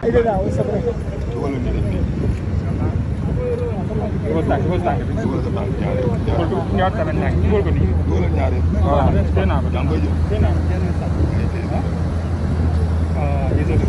dugal tànk dugal tànk bi. dugal sa tànk ñaareel. dugal ko ñaar tamit ñaar dugal ko nii. dugalal ñaareel. waaw tey naa ko da nga koy jël. tey naa ko. ah yéen a ngi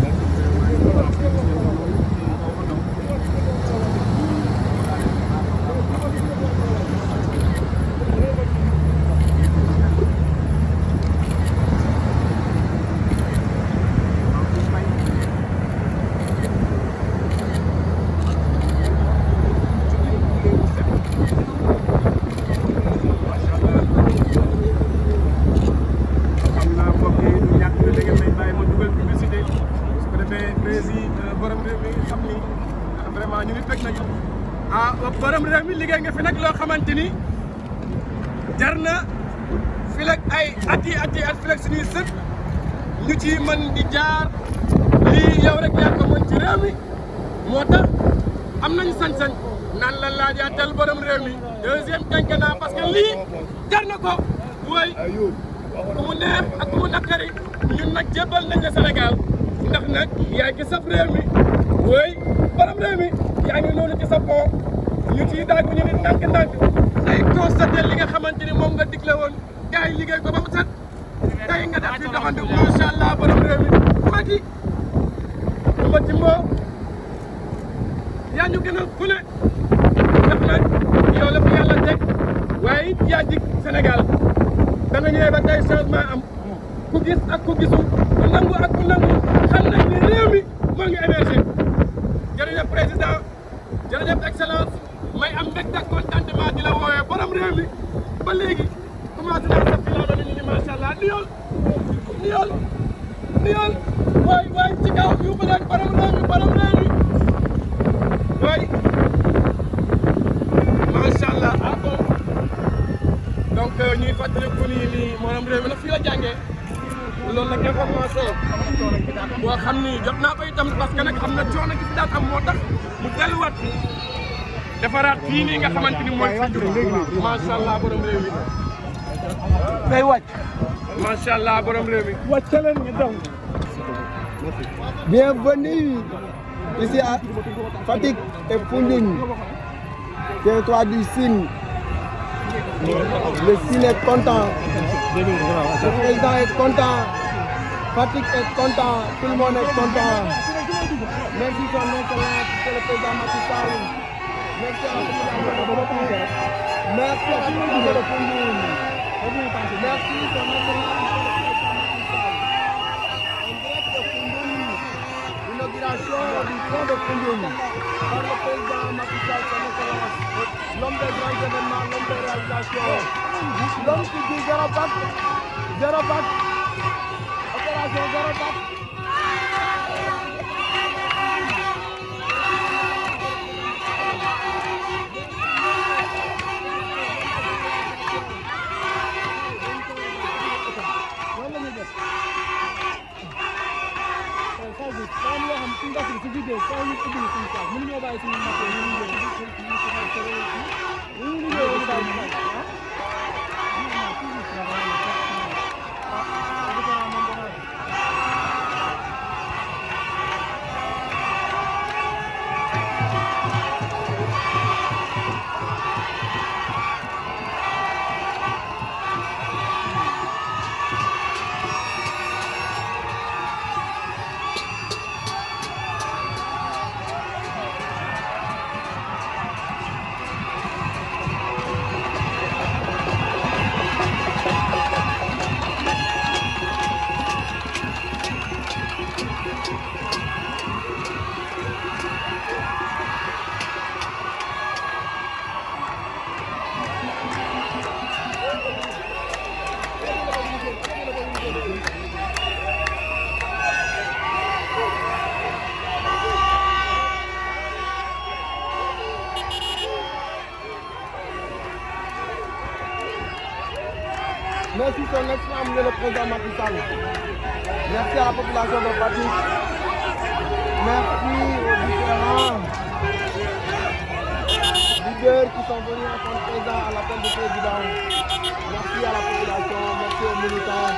borom réew mi liggéey nga fi nag loo xamante ni jar na fi lag ay at yi at yi at fi lag ñu ci mën di jaar lii yow rek yaa ko mën ci réew mi moo tax am nañu sañ-sañ nan la laajaatal borom réew mi deuxième quinquennat parce lii jar na ko wooy ku neex ak ku mu naqari ñun nag jébbal nañ la Sénégal ndax nag yaa ngi saf réew mi wooy borom réew mi yaa ngi noonu ci sa ñu ciy daaj bu ñu nit ndànk-ndànk day constaté li nga xamante ni moom nga woon gars yi liggéey ko ba mu set tey nga def fi doxandu macha allah borom réew mi Macky ma ci mboo yaa ñu gën a fule def nag yow la fi yàlla teg waaye yaa jig Sénégal da nga ñëwee ba tey am ku gis ak ku gisul ku nangu ak nangu xam nañ ni réew mi ngi émergé jërëjëf président jërëjëf excellence may am mbégte ak contentement di la woowee borom réew mi ba léegi commencé naa sa filoo ba nit ñi macha allah nuyool nuyool nuyool waay waay ci kaw yu ko leen borom réew mi borom réew mi waay macha allah ah bon donc euh, ñuy fàttali ko nii nii borom réew mi nag fii la jàngee loolu nag information boo xam ni jot naa ko itam parce que nag am na coono gis daan am moo tax mu delluwaat defaraat fii nga xamante ni mooy fi juma macha allah borom réew mi. day wàcc. macha allah borom réew mi. wàcc leen ñu daw. bienvenue ici à Fatick et Foundiougne, territoire du Sine. Le Sine est content. Le président est content. Fatick est content. Tout le monde est content. Merci son nom, le président Macky Sall. L'homme qui dit zéro patte, zéro patte, opération zéro patte. suñu basi si vidéo faaw ñu ubbi suñu saal mënuñoo bàyyi suñu maté ñu ñu ñu ñu ñu ñu ñu ñu ñu Merci son excellence, monsieur le président Macky Sall. Merci à la de Fatick. Merci aux différents leaders qui sont venus en tant que présents à l'appel du président. Merci à la population, merci aux militants.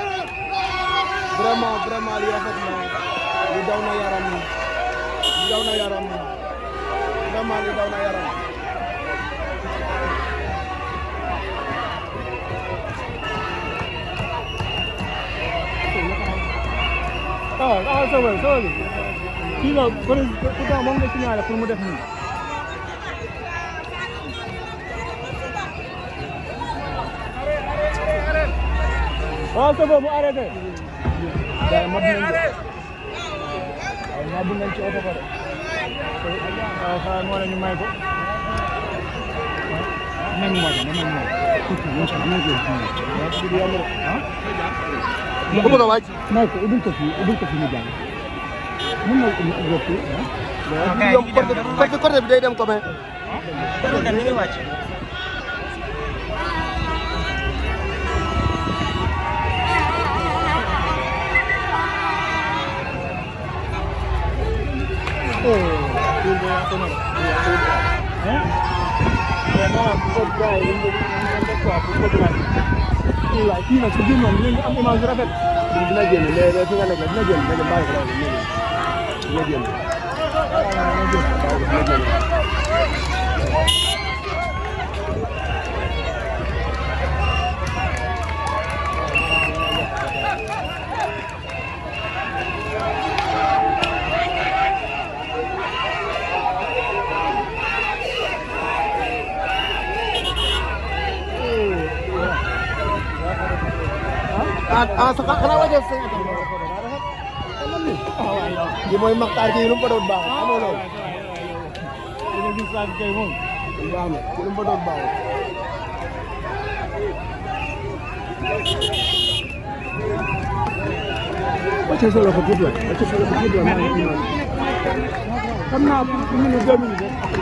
Vraiment, vraiment, li rafet na li li daw li daw waaw ah sa wéy sa wéy kii la président moom nga signalé mu def nii. waaw sa boobu arrêté. waaw mab nañ ko waaw mab nañ ci oto ba de. waaw ah, xaaral moo ne mu bëgg a wàcc. may ko ubbil ko fii ubbil ko fii mu jàll. mën na ubbi ubbi ko fii. côté bi day dem ko mais. Oh, kii waay kii nag su génnoon dinañ am image bu rafet. dina génn mais fi nga nekk dina génn dina génn bàyyi ko dina génn dina génn. ah sa xanaa waa jëf sa ñaata li mooy maxtaar kii lu mu fa doon baax amoo loolu dina gis saa kay moom baax na lu mu fa doon baax wacce sa loxo tuuti wacce sa loxo tuuti xam naa pour minute deux minutes